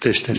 testen.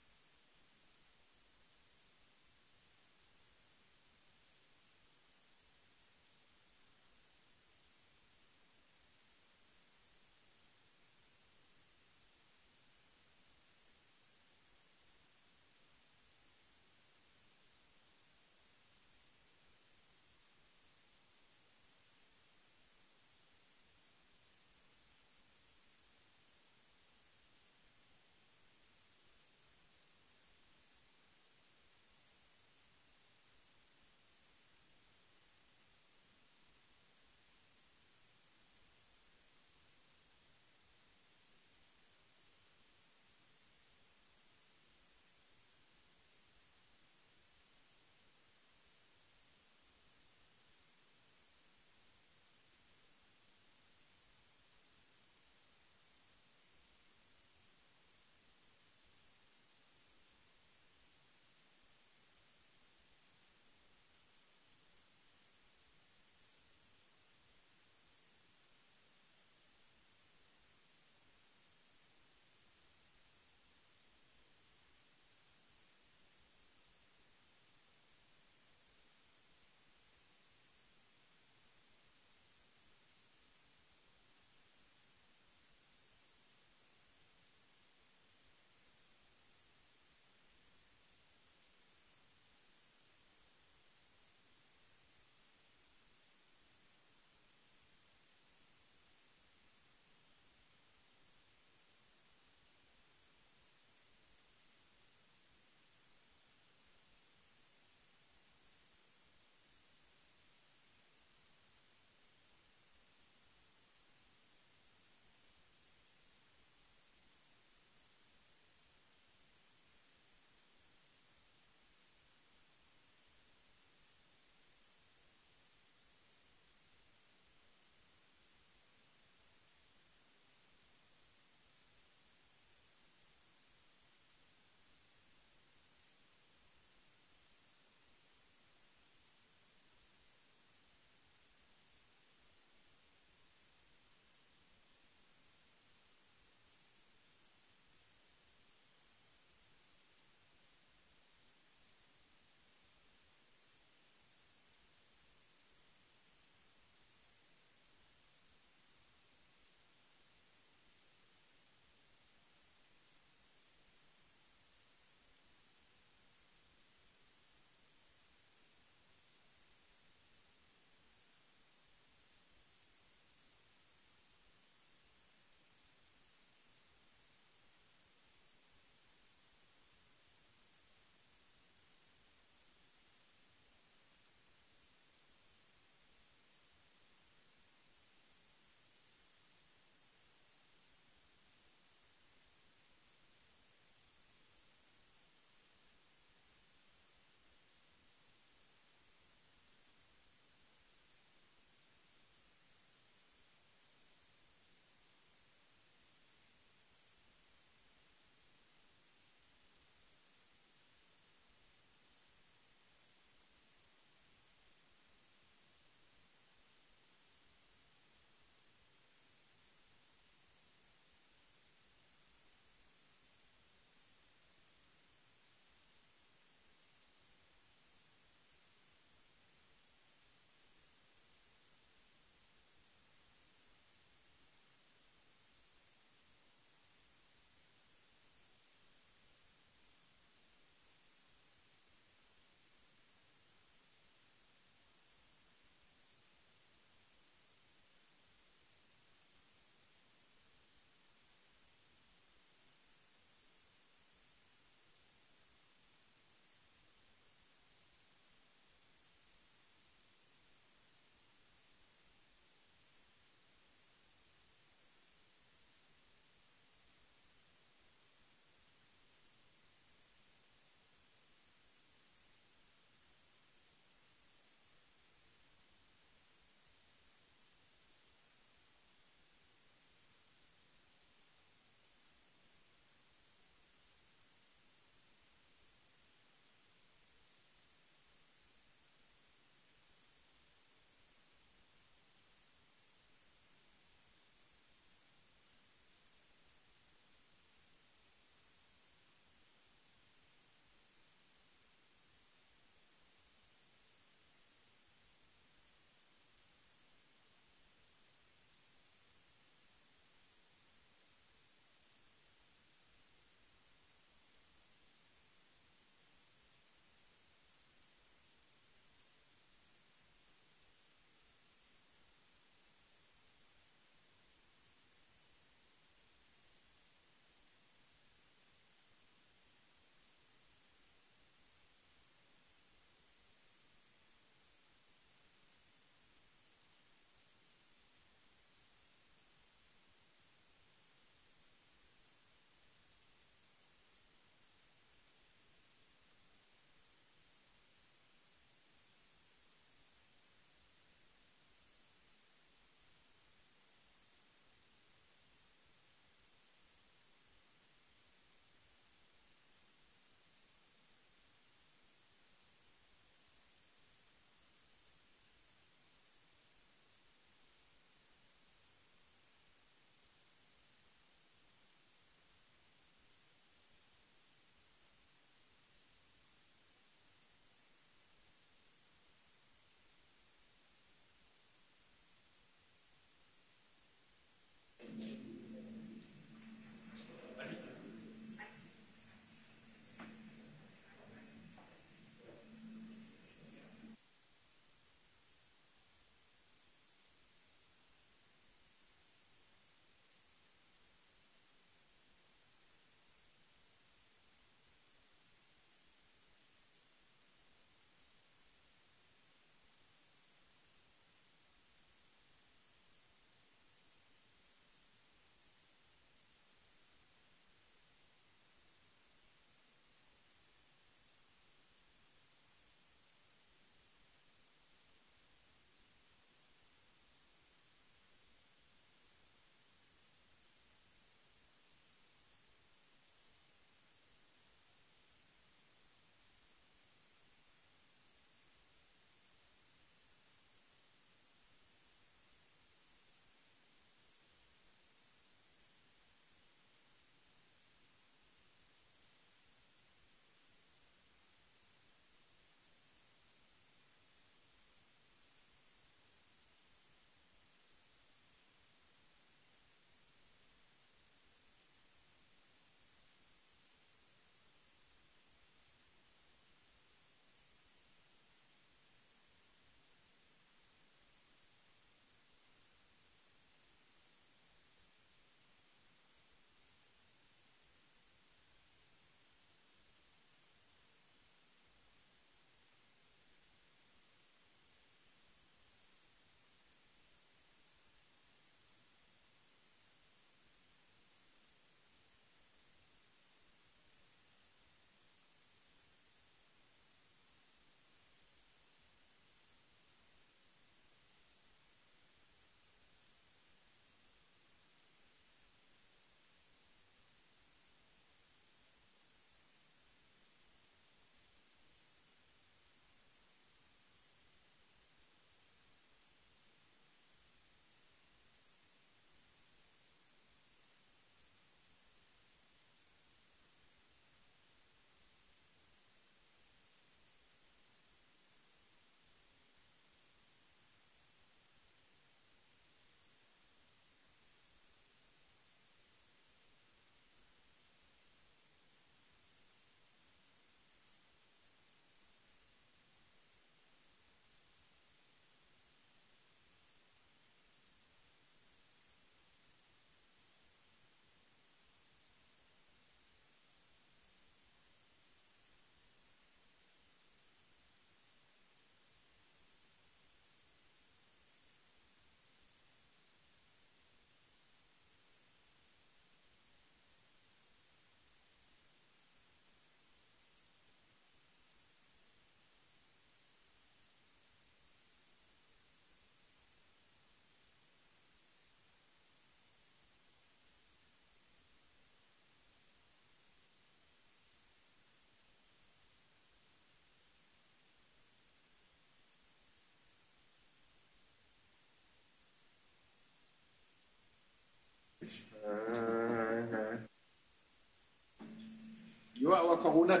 unser corona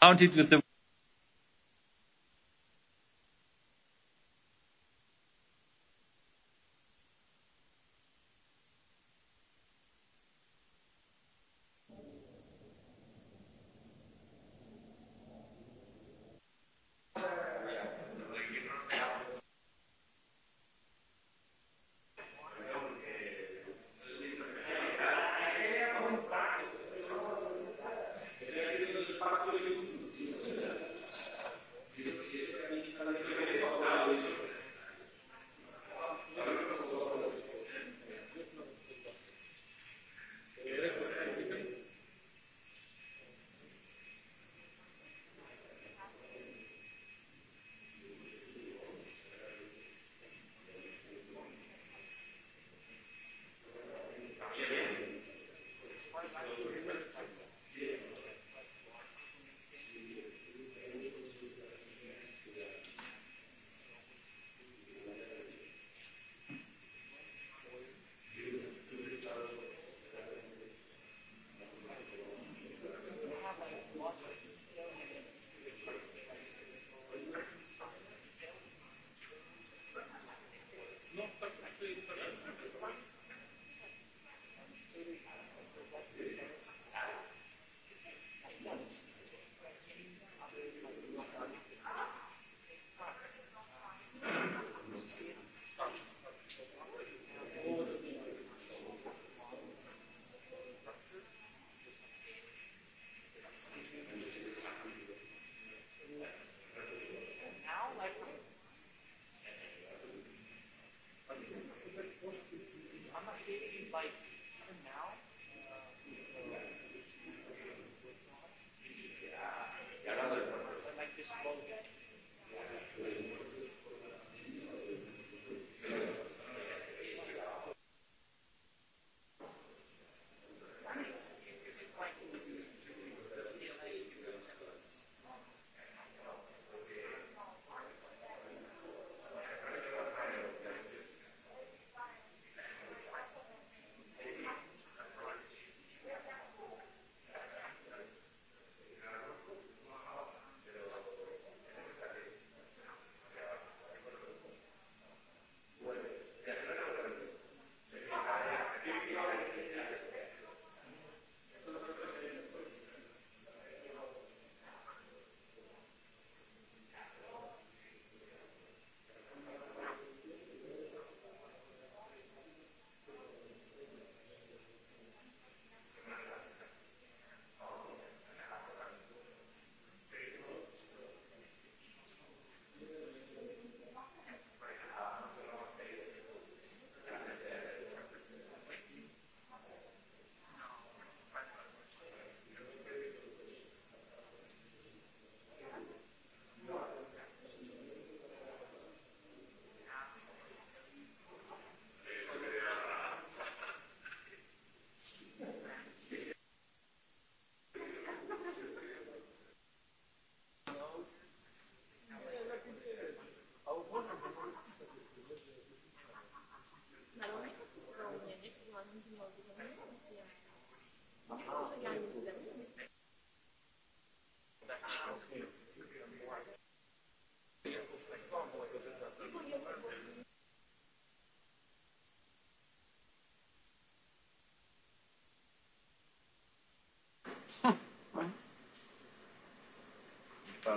counted with the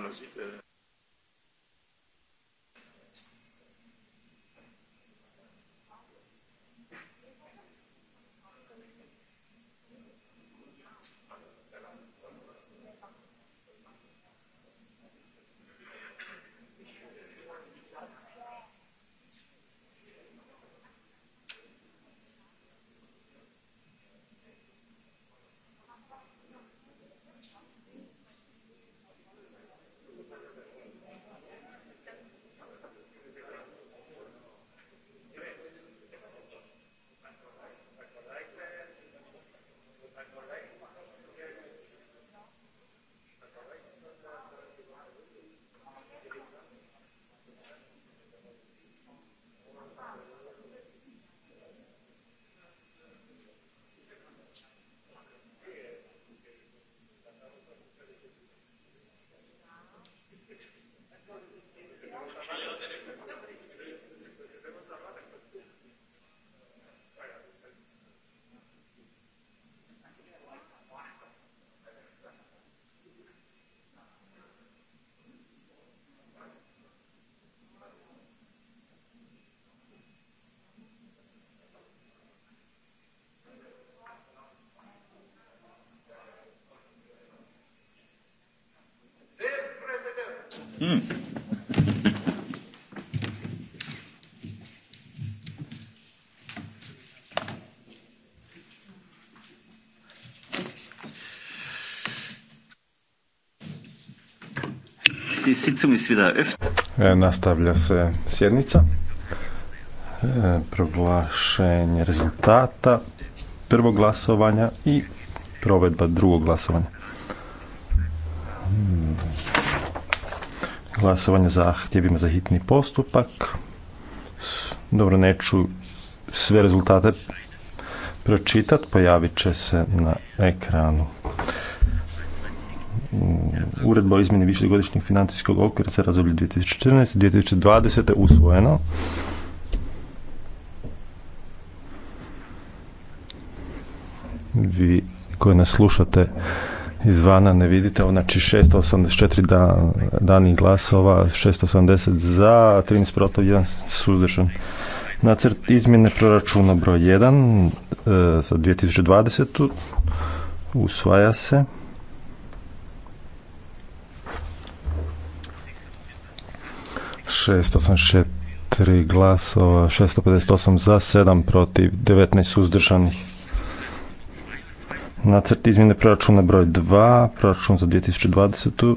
nalazite E, nastavlja se sjednica. E, proglašenje rezultata prvog glasovanja i provedba drugog glasovanja. Glasovanje zahtjevima za hitni postupak. Dobro, neću sve rezultate pročitat, pojavit će se na ekranu uredba o izmjeni višegodišnjeg financijskog okvira za razdoblje 2014. 2020. usvojeno. Vi koji nas slušate izvana ne vidite, znači 684 da, dani glasova, 680 za, 13 protiv, 1 suzdržan. Nacrt izmjene proračuna broj 1 e, za 2020. usvaja se. 684 glasova, 658 za, 7 protiv, 19 suzdržanih. Nacrt izmjene proračuna broj 2, proračun za 2020.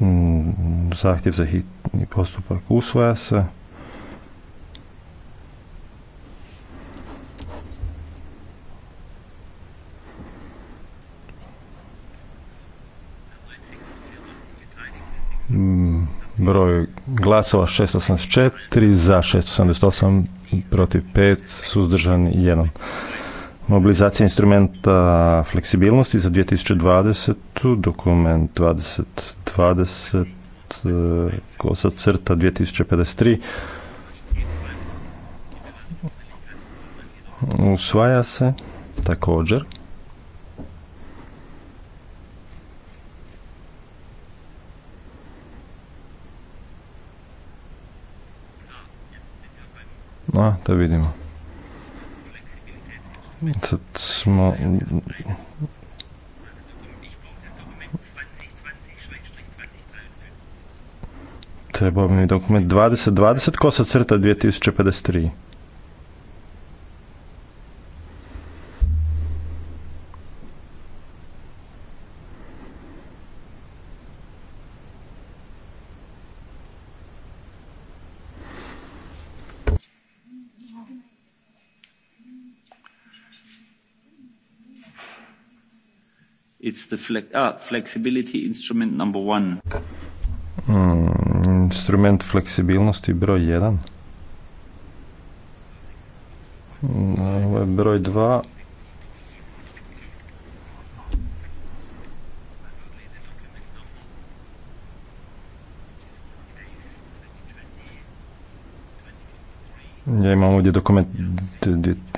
Mm, zahtjev za hitni postupak usvaja se. Mm broj glasova 684, za 688 protiv 5, suzdržan 1. Mobilizacija instrumenta fleksibilnosti za 2020. dokument 2020 e, kosa crta 2053 usvaja se također A, da vidimo. Sad smo... Trebao mi dokument 2020, ko sa crta 2053. the ah, flexibility instrument number hmm, instrument fleksibilnosti broj jedan. Hmm, ovo je broj dva. Ja imam ovdje dokument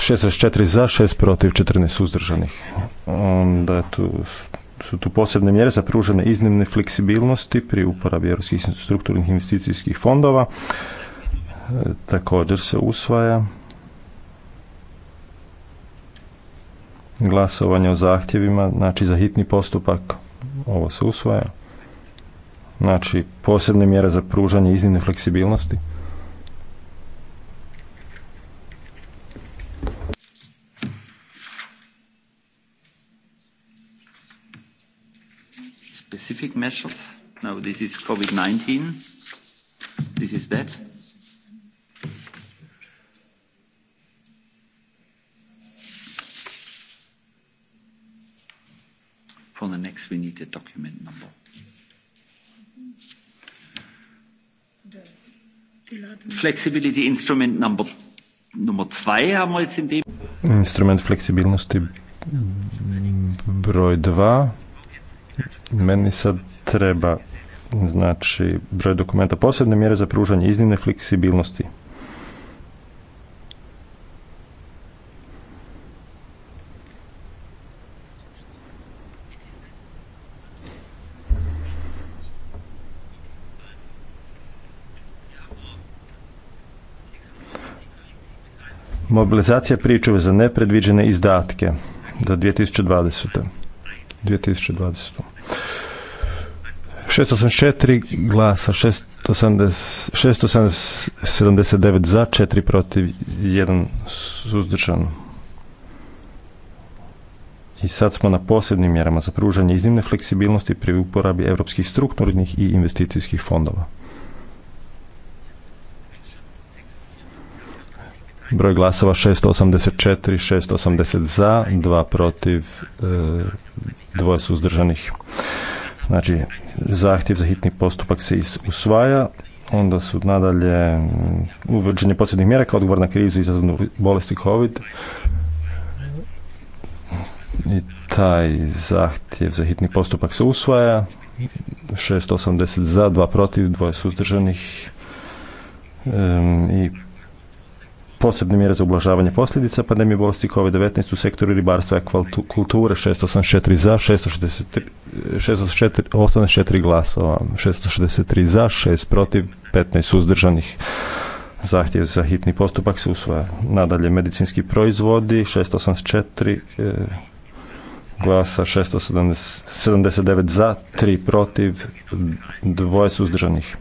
64 za, 6 protiv, 14 suzdržanih. Onda tu, su tu posebne mjere za pružene iznimne fleksibilnosti pri uporabi europskih strukturnih investicijskih fondova. E, također se usvaja glasovanje o zahtjevima, znači za hitni postupak ovo se usvaja. Znači posebne mjere za pružanje iznimne fleksibilnosti. specific measures? No, this is COVID-19. This is that. For the next, we need a document number. Flexibility Instrument number, number 2 haben wir jetzt in dem. Instrument Flexibilnosti broj 2 meni sad treba znači broj dokumenta posebne mjere za pružanje iznimne fleksibilnosti. Mobilizacija pričuve za nepredviđene izdatke za 2020. 2020. 684 glasa, 679 za, 4 protiv, 1 suzdržano. I sad smo na posebnim mjerama za pružanje iznimne fleksibilnosti pri uporabi evropskih strukturnih i investicijskih fondova. Broj glasova 684, 680 za, 2 protiv, 2 e, suzdržanih. Znači, zahtjev za hitni postupak se usvaja, onda su nadalje mm, uvođenje posljednjih mjera kao odgovor na krizu izazvanu bolesti COVID. I taj zahtjev za hitni postupak se usvaja. 680 za, 2 protiv, dvoje suzdržanih. I posebne mjere za ublažavanje posljedica pandemije bolesti COVID-19 u sektoru ribarstva i kulture 684 za, 663, 684, glasova, 663 za, 6 protiv, 15 suzdržanih. Zahtjev za hitni postupak se usvaja. Nadalje, medicinski proizvodi 684 e, glasa, 679 za, 3 protiv, dvoje suzdržanih.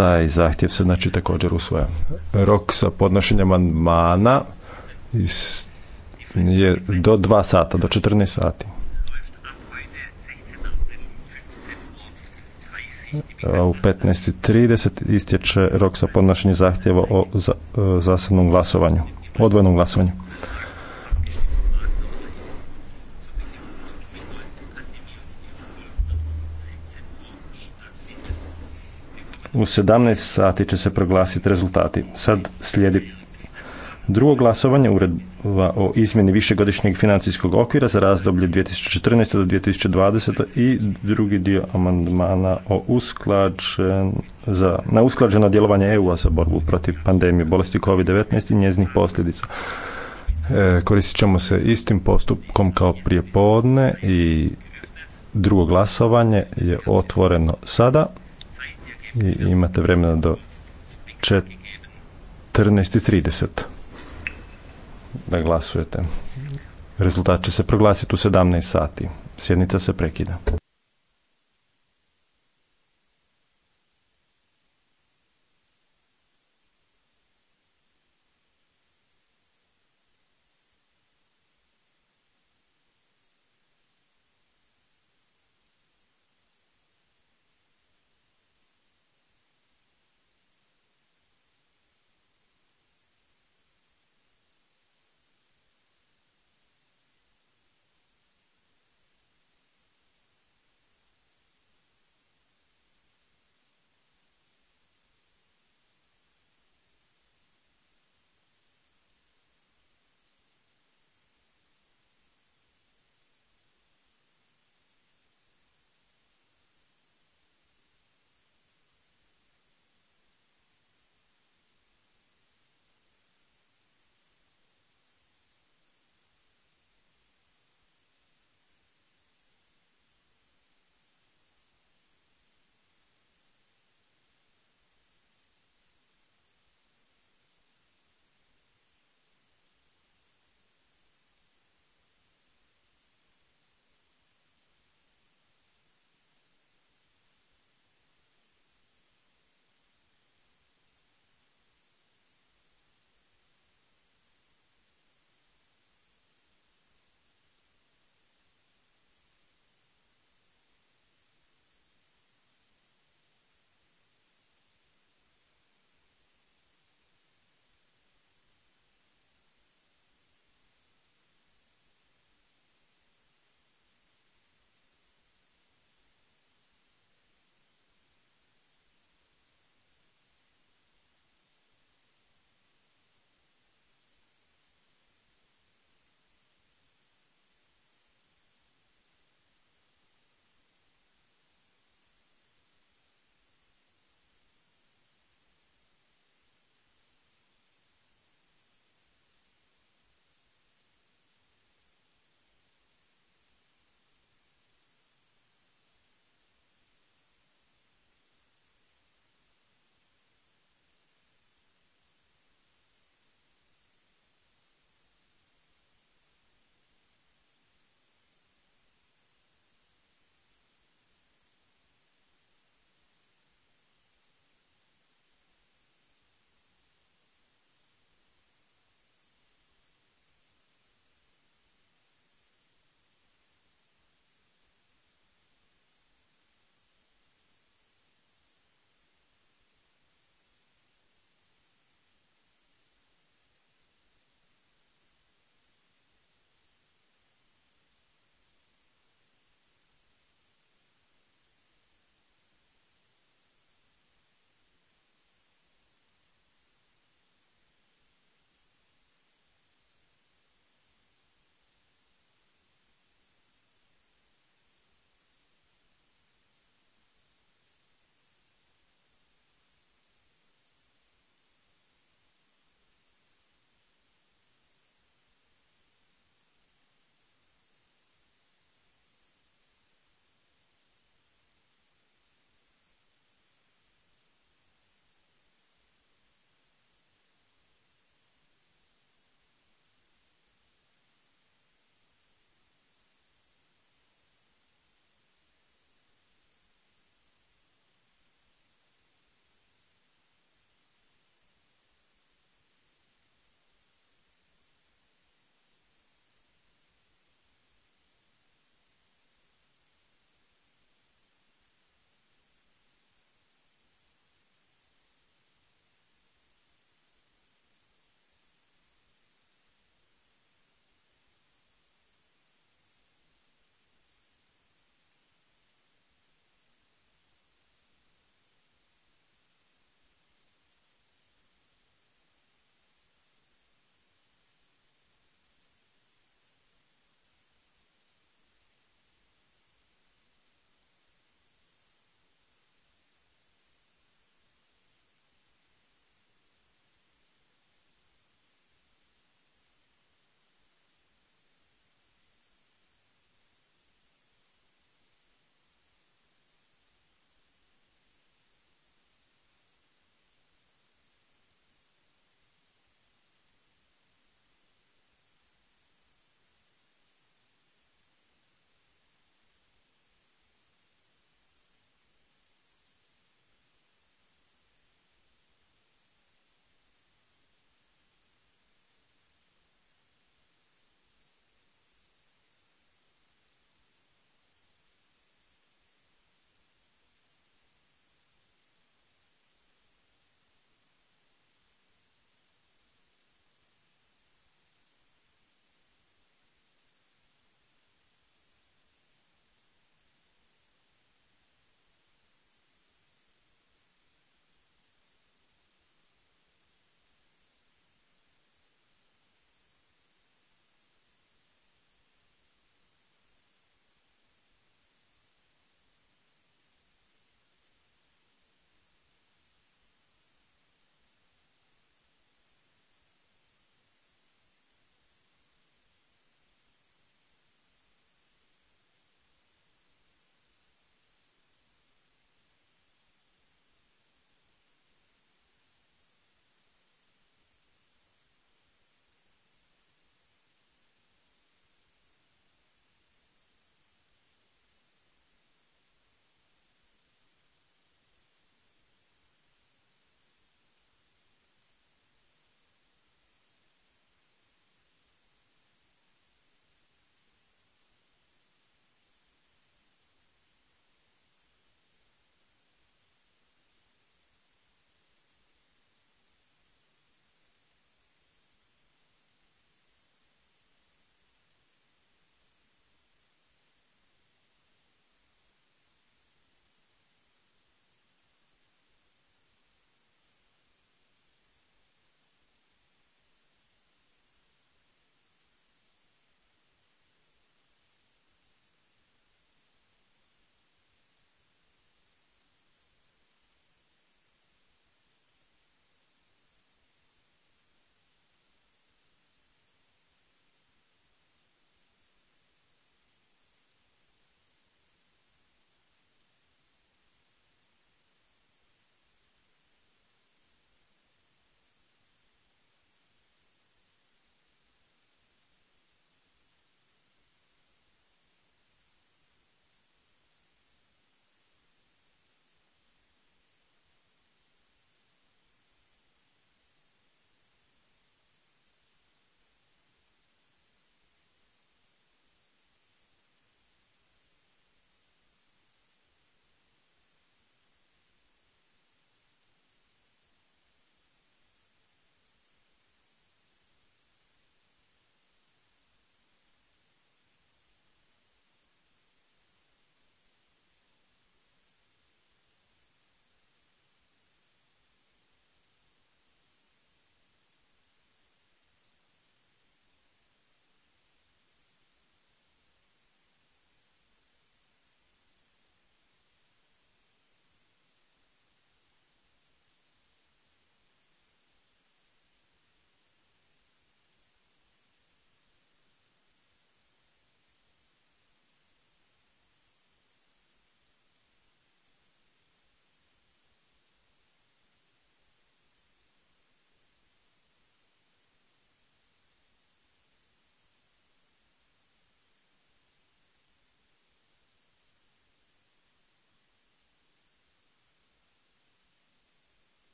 Taj zahtjev se znači također usvoja. Rok sa podnošenjem amandmana je do 2 sata, do 14 sati. u 15.30 istječe rok sa podnošenje zahtjeva o e, zasebnom glasovanju, odvojenom glasovanju. U 17 sati će se proglasiti rezultati. Sad slijedi drugo glasovanje uredba o izmjeni višegodišnjeg financijskog okvira za razdoblje 2014. do 2020. i drugi dio amandmana o usklađen, za, na usklađeno djelovanje EU-a za borbu protiv pandemije bolesti COVID-19 i njeznih posljedica. E, koristit ćemo se istim postupkom kao prije podne i drugo glasovanje je otvoreno sada imate vremena do 14.30 da glasujete. Rezultat će se proglasiti u 17 sati. Sjednica se prekida.